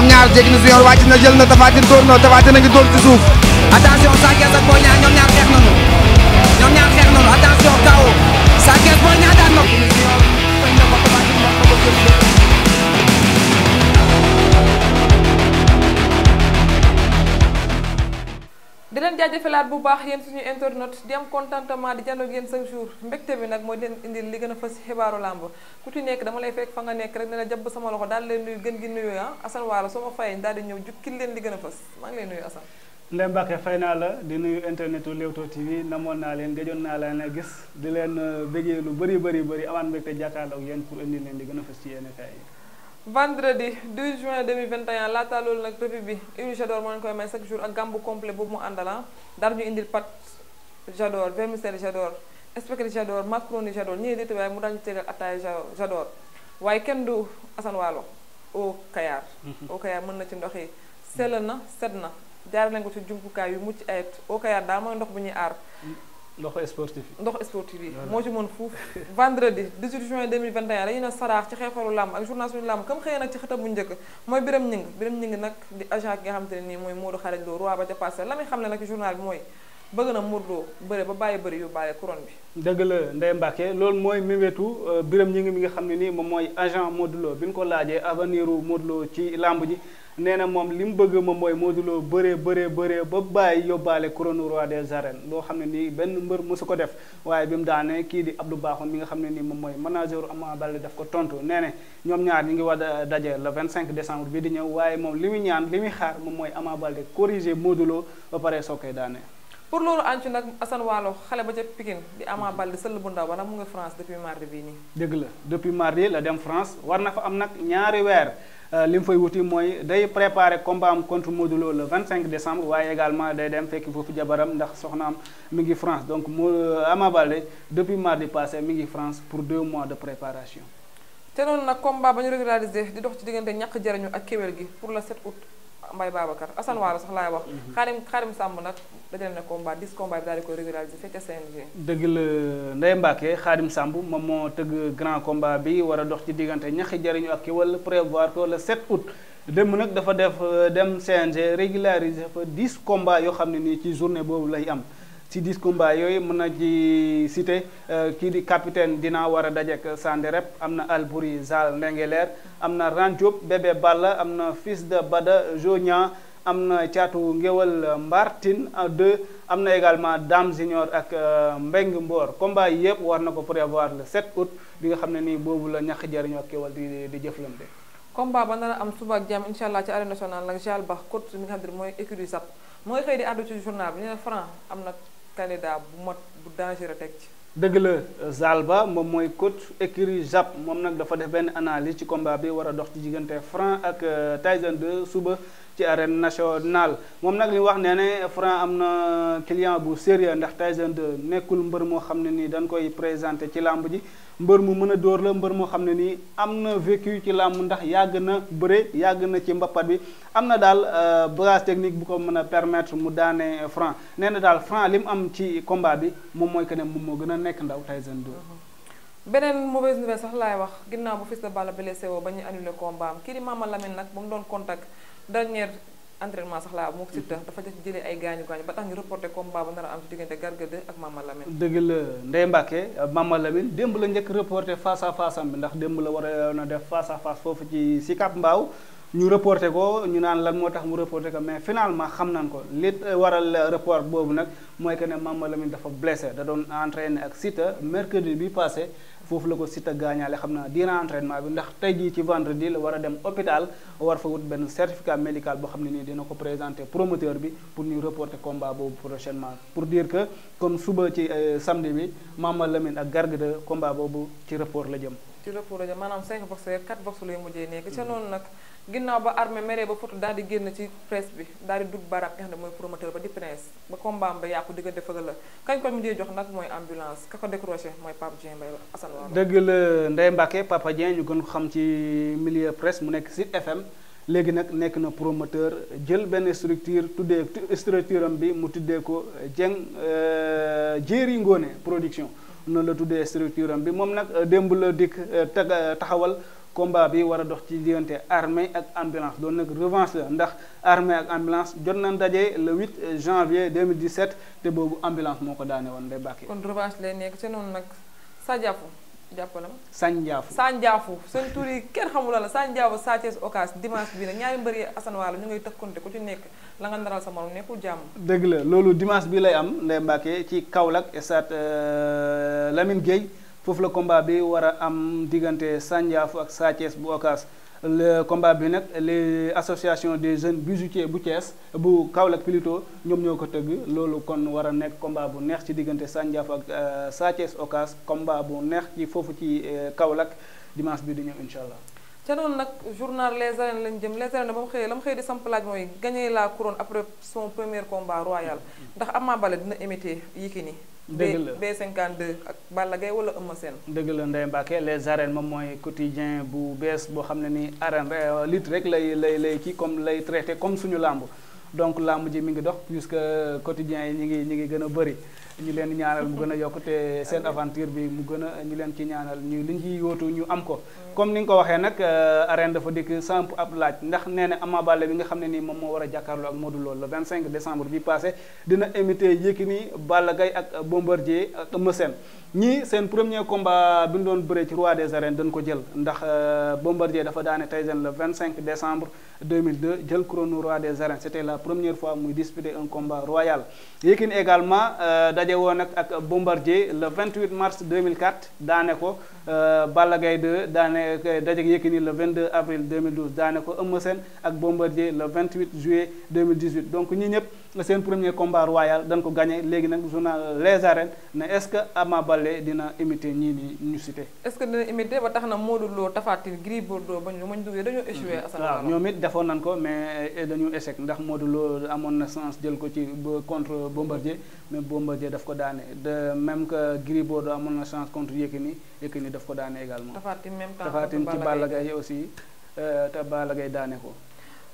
ñoom ñaar jéggi na su yor wàcc jël na Tapha Tine na Tapha a ngi dóor ci suuf attention Sa Thiès ak ñaar xeex nañu ñoom ñaar xeex nañu attention kaw Sa Thiès Boy Niang daan na jaajëfalaat bu baax yéen suñu internet di am contentement di jàndoog yéen chaque jour mbégte bi nag mooy leen indil li gën a fës ci xibaaru làmb ku ci nekk dama lay fekk fa nga nekk rek ne la jàpp sama loxo daal leen nuyu gën gi nuyu ah Assane Waala soo ma fayee daal di ñëw jukkil leen li gën a fës maa ngi lay nuyu Assane Ndeye Mbacke fay naa la di nuyu internetu Leewtoo TV namoon naa leen gëjoon naa leen a gis di leen euh, bégee lu bëri bëri bëri amaat mbégte jàkkaarloo ak yéen pour indi leen di gën a fës vendredi 12 juin 2021 laata loolu nag revue bi huile j'adore moo leen koy may chaque jour ak gambu complet boobu mu àndala ah. dara ñu indil pâte j'adore vermicelle j'adore spaghetti j'adore macaroni j'adore ñii di waaye mu daañu tegal ataay j'adore waaye kenn du Assane Waalo au Kayar mhm. au mën na ci ndox yi sell na set na jaar nañ ko ci jumtukaay yu mucc ayet au Kayar daal mooy ndox bu ñuy aar mm. ndoxu sportif yi ndoxu moo ci mën fuuf vendredi 18 juin 2021 dañu ne saraax ci xeexaru làmb ak journal suñu làmb comme xëyee nag ci xëtam bu njëkk mooy Biram Ñing Biram Ñing nag di agent ki nga xamante ne nii mooy Modou Xarañ Lo roi ba ca passé la muy xam ne nag journal bi mooy bëgg na Modou Lo bëre ba bàyyi bëri yu bàyyi couronne bi dëgg la Ndeye Mbacke loolu mooy méwétu euh, Biram Ñing mi nga xam ne nii moom mooy agent Modou Lo bi ñu ko laajee avenir u Modou Lo làmb ji nee na moom li mu bëgg moom mooy Modou bëre bëre bëree bëree ba bàyyi yóbbaale couronne roi des arènes loo xam ne nii benn mbër mosu ko def waaye bi mu daanee kii di ab Abdou Bakhoum mi nga xam ne nii moom mooy manager Ama Baldé daf ko tontu nee na ñoom ñaar ñi ngi war dajee daje le cinq décembre bi di ñëw waaye moom li muy ñaan li muy xaar moom mooy Ama Baldé corriger Modou Lo ba pare soo koy daanee pour loolu ànd ci nag Assane Waalo xale ba ca Pikine di Ama Baldé sëll bu ndaw ba nag mu nga France depuis mardi bii nii. dëgg la depuis mardi la dem France war na fa am nag ñaari weer euh, li mu fay wuti mooy day préparer combat am contre Modou Lo le 25 décembre waaye également day dem fekki foofu jabaram ndax soxnaam mi ngi France donc mo euh, Ama Baldé depuis mardi passé mi ngi France pour deux mois de préparation. te noonu nag combat ba ñu régulariser di dox ci diggante ñàkk jariñu ak kéwél gi pour le 7 août. Mbaye Babacar Assane Waala sax laay wax. Xaarim mhm. Xaarim Samb nag dajale na combat 10 combat bi daal di koy régulariser fekk ca CNG. dëgg la Ndeye Mbacke Xaarim Samb moom moo tëgg grand combat bi war a dox ci diggante ñaxi jariñu ak ki wala prévoir ko le 7 août. démb nag dafa def euh, dem CNG régulariser fa 10 combat yoo xam ne nii ci journée boobu lay am. si dix combats yooyu mën na ci cité euh, kii di capitaine dina war a dajek Sanderep am na Albouri Zal Ndengeleer am na Randiop Bébé Balla am na Fils de Bada Jonia am na caatu ngéwal Mbartin euh, deux am na également Dame Junior ak euh, Mbeng Mboor combat yi yëpp war na ko prévoir le 7 août bi nga xam ne ni boobu la ñax jariñoo ak kéwal di di jëflante combat ba nar a am suba ak jàmm allah ci arène nationale nag Jal Ba coach mi nga xam ne mooy écurie sap mooy xëy di àddu candidat bu mat bu dangereux teg ci. dëgg la Zalba moom mooy coach écurie Jap moom nag dafa def benn analyse ci combat bi war a dox ci diggante Franc ak euh, Tyson 2 suba. ci arène nationale moom nag li wax nee Franc am na client bu sérieux ndax Tyson 2 nekkul mbër moo xam ne nii dañ koy présenté ci làmb ji mbër mu mën a door la mbër moo xam ne nii am na vécu ci làmb ndax yàgg na bëre yàgg na ci mbappat bi am na daal euh, bagage technique bu ko mën a permettre mu daane Franc nee na daal Franc li am ci combat bi moom mooy que ne moom moo gën a nekk ndaw Tyson 2 beneen mauvaise nouvelle sax laay wax ginnaaw bu dernier entraînement sax laa moo ko Siteu dafa def ay gaañu gaañu ba tax ñu reporté combat bu nar a am ci diggante Garga ak Mama Lamine. dëgg la Ndeye Mbacke Mama démb la njëkk reporté face à face bi ndax démb la war a def face à face foofu ci Sicap mbaaw ñu reporté ko ñu naan lan moo tax mu reporté ko mais finalement xam nañ ko li waral report boobu nag mooy que ne Mama Lamine dafa blessé da doon entraîné ak Siteu mercredi bi passé. foofu la ko Siteu gaañaale xam naa diiran entraînement bi ndax tey jii ci vendredi la war a dem hôpital war fa wut benn certificat médical boo xam ne nii dina ko présenter promoteur bi pour ñu reporter combat boobu prochainement pour dire que comme suba ci euh, samedi bi Mama Lamine ak Garga de combat boobu ci report la jëm. ci report la jëm maanaam 5 boxe 4 boxe lay mujjee nekk ca nag. ginnaaw ba armée meree ba photo daal di génn ci presse bi daal di dugg baaraam nga xam mooy promoteur ba di prince ba combat ba yàqu diggante fëgal la kañ ko mu dee jox nag mooy ambulance ka ko décroché mooy Pape Dieng Mbaye dëgg la Ndeye Mbacke Papa Dieng ñu gën ko xam ci milieu presse mu nekk Sud FM léegi nag nekk na promoteur jël benn structure tuddee structure am bi mu tuddee ko Dieng euh, Jéeri ngoone production mm-hmm. noonu la tuddee structure am bi moom nag euh, démb la dikk euh, taxawal combat bi war a dox ci diggante armée ak ambulance doon nag revanche la ndax armée ak ambulance jot nañ daje le 8 janvier 2017 te boobu ambulance moo ko daane woon day bàkkee. kon revanche lay nekk te noonu nag Sa Diafou jàppale ma. Sanjaafu Sanjaafu seen tur yi kenn xamul la Sanjaafu Sa Thiès Ocass dimanche bii nag ñaari mbër yi Assane Wala ñu ngay tëkkonte ku ci nekk la nga naral sa morom nekkul jàmm. dëgg la loolu dimanche bi lay am nday Mbacke ci Kaolack stade euh, Lamine Gueye. foofu la combat bi war a am diggante Sandiafou ak Sa Thiès bu Ocass le combat bi nag les associations des jeunes bijoutiers bu Thiès bu Kaolack plutôt ñoom ñoo ko tëgg loolu kon war a nekk combat bu neex ci diggante Sandiafou ak euh, Sa Thiès Ocass combat bu neex ci foofu ci euh, Kaolack dimanche bi di ñëw incha allah. ca noonu nag journal les arènes lañ jëm les arènes ba mu xëyee la mu xëyee di samp mooy gagné la couronne après son premier combat royal mm-hmm. ndax Ama Baldé dina émété Yékini dëgg la B52 ak Balla Gaye wala Eumeu Sène. dëgg la Ndeye Mbacke les arènes moom mooy quotidien bu bees boo xam ne ni arène euh, lutte rek lay lay lay kii comme lay traité comme suñu làmb donc làmb ji mi ngi dox puisque quotidien yi ñi ngi ñi ngi gën a bëri. ñu leen ñaanal mu gën a yokk te seen aventure bi mu gën a ñu leen ci ñaanal ñu liñ ci yóotu ñu am ko comme ni nga ko waxee nag euh, arène dafa dikk samp ab laaj ndax nee na Ama bi nga xam ne nii moom moo war a jàkkaarloo ak Modou Lo le 25 décembre bi passé dina invité Yékini Balla Gaye ak Bombardier ak Eumeu Sène ñii seen premier combat bi ñu doon bëree ci roi des arènes dañ ko jël ndax euh, Bombardier dafa daane Tyson le 25 décembre 2002 jël couronne roi des arènes c'était la première fois muy disputer un combat royal Yékini également euh, daje woon ak ak Bombardier le 28 mars 2004 daane ko euh, Balla Gaye 2 daane euh, daje ak Yékini le 22 avril 2012 daane ko Eumeu Sène ak Bombardier le 28 juillet 2018 donc ñi ñëpp seen premier combat royal dañ ko gagné léegi nag journal euh, Les Arènes ne est-ce que Ama Baldé dina imiter ñii nii ñu cité. est-ce que dina imiter ba tax na Modou Lo Tapha Tine Gris Bordeaux ba ñu ma ñu mm-hmm. ñoom it defoon nañ ko mais dañu échec ndax Modou Lo amoon na chance jël ko ci contre Bombardier mais ko daane de même que Gris Bordeaux amoon na chance contre Yékini Yékini daf ko daane également. Tapha Tine même temps ci Balla Gaye aussi euh, te Balla Gaye daane ko.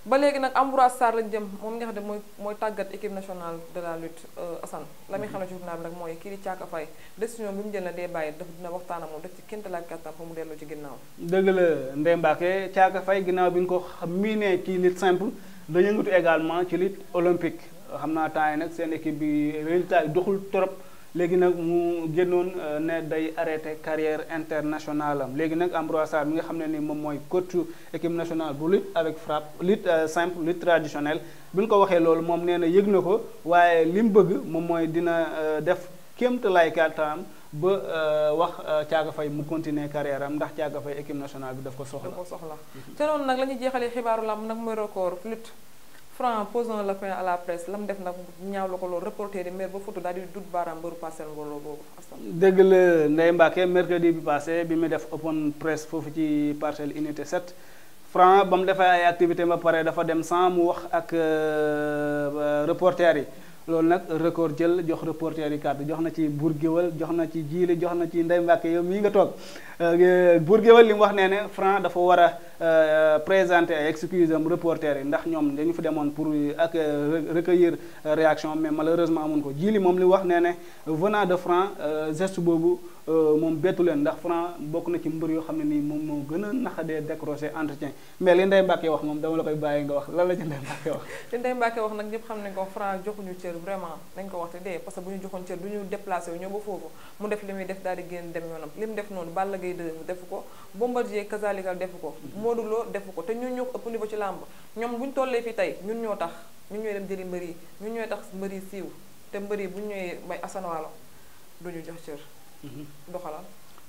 ba léegi nag Ambroise Sarr lañ jëm moom nga xam ne mooy mooy tàggat équipe nationale de la lutte euh, Assane la muy xam ne journal bi nag mooy kii di Thiaka Faye décision bi mu jël na dee bàyyi daf dina waxtaan moom def ci kénta la kattan fa mu delloo ci ginnaaw dëgg la Ndeye Mbacke Thiaka Faye ginnaaw bi ñu ko miinee ci lutte simple da yëngatu xam naa temps yi nag seen équipe bi résultat yi doxul trop léegi nag mu génnoon euh, ne day arrêté carrière internationale am léegi nag Ambroise Sarr mi nga xam ne ni moom mooy coach équipe nationale bu lutte avec frappe lutte euh, simple lutte traditionnelle bi ñu ko waxee loolu moom nee na yëg na ko waaye li mu bëgg moom mooy dina euh, def kéemta lay kàttanam ba wax Thiaga fay mu continuer carrière am ndax Thiaga Faye équipe nationale bi daf ko soxla. ko soxla te noonu nag la ñuy jeexalee xibaaru nag mooy record lutte. Franc posant le point à la presse lam def nag ñaaw la ko loolu reporter yi maire ba photo daal di dut baaraam mbëru parcelle mbooloo boobu. dégg la Ndeye Mbacke mercredi bi passé bi mu def open presse foofu ci parcelle unité set Franc ba mu defee ay activité ba pare dafa dem sans mu wax ak euh, reporter yi. loolu nag record jël jox reporter yi kàddu jox na ci Bour Guéweul jox na ci Djily jox na ci Ndeye Mbacke yow mii nga toog euh, Bour Guéweul li mu wax nee ne Franc dafa war a euh, présenter ay excuse am reporter yi ndax ñoom dañu fa demoon pour euh, ak recueillir réaction mais malheureusement amun ko Djily moom li wax nee ne venant de Franc geste boobu Euh, moom bettu leen ndax Franc bokk na ci mbër yoo xam ne nii moom moo gën a naxadee décroché entretien mais li Ndeye Mbacke wax moom dama la koy bàyyi nga wax lan la ci Ndeye wax li Ndeye Mbacke wax nag ñëpp xam nañ ko Franc joxuñu cër vraiment nañ ko wax te dee que bu ñu joxoon cër du ñu déplacé wu ñëw ba foofu mu def li muy def daal di génn dem yoonam li mu def noonu Balla Gaye 2 defu ko Bombardier kazalika defu ko mm-hmm. Modou defu ko te ñun ñoo ko ëpp niveau ci làmb ñoom bu ñu tollee fi tey ñun ñoo tax ñun ñooy dem jëli mbër yi ñun ñooy tax mbër yi siiw te mbër yi bu ñu ñëwee may asanoalo duñu jox cër doxalal.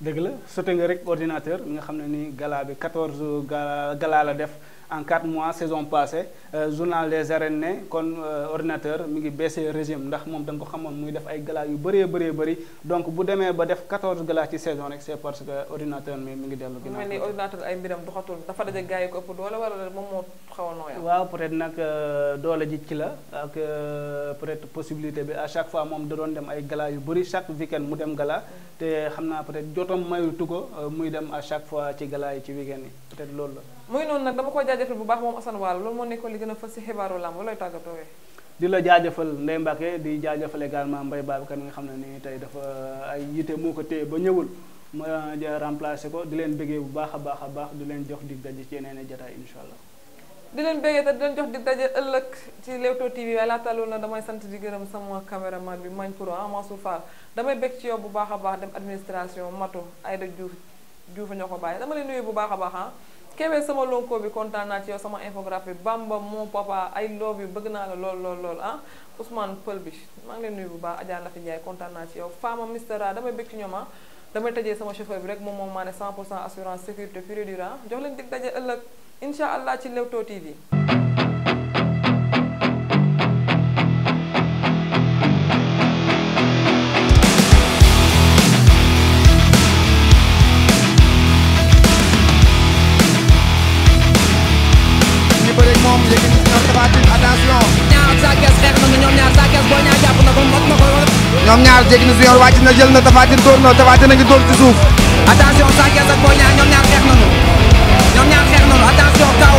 dëgg la sote nga rek ordinateur mi nga xam ne ni gala bi 14 gala gala la def. en 4 mois saison passée euh, journal Les Arènes ne kon euh, ordinateur mi ngi baissé régime ndax moom da ko xamoon muy def ay gala yu bëree bëree bëri donc bu demee ba def 14 gala ci saison rek c'est parce que ordinateur mi mi ngi dellu ginnaaw. mu mel ni ordinateur ay mbiram doxatul dafa daje gaa yi ko ëpp doole wala moom moo xaw a nooyal. waaw peut-être nag euh, doole ji ci la ak peut-être possibilité bi à chaque fois moom da doon dem ay gala yu bëri chaque week-end mu dem gala mm. te xam naa peut-être jotom mayutu ko muy dem à fois ci gala yi ci week-end yi peut-être loolu la. muy noonu nag dama koy jaajëfal bu baax moom Assane Waalo loolu moo nekkoon li gën a fës si xibaaru làmb looy tàggatoo di la jaajëfal Ndeye Mbacke di jaajëfal également Mbaye Babacar mi nga xam ne nii tey dafa ay yite moo ko téye ba ñëwul ma remplacé ko di leen bëggee bu baax a baax a baax di leen jox dig daje ci yeneen jotaay incha allah. di leen béggee te di leen jox di daje ëllëg ci Leewtoo TV waaye laata loolu nag damay sant di gërëm sama caméraman bi mañ pour ah Mansour Fall damay bég ci yow bu baax a baax dem administration Mato Aïda Diouf Diouf ñoo ko bàyyi dama leen nuyu bu baax a baax ah. kébee sama lonko bi kontaan naa ci yow sama infographie Bamba mon papa ay love bi bëgg naa la lool lool lool ah Ousmane Pël bi maa ngi leen nuyu bu baax Adja Nafi Ndiaye kontaan naa ci yow Fama Mistera damay bekk ci ñoom ah damay tëjee sama chauffeur bi rek moom moom maa ne 100 pour cent assurance sécurité pure et dure ah. jox leen dig daje ëllëg incha allah ci Leewtoo TV ñoom ñaar jéggi na junior wàcc na jël na tafaatin dóor na tafaatin a ngi dóor suuf attention Sa Thiès ak ñoom ñaar xeex nañu ñoom ñaar xeex nañu attention kaw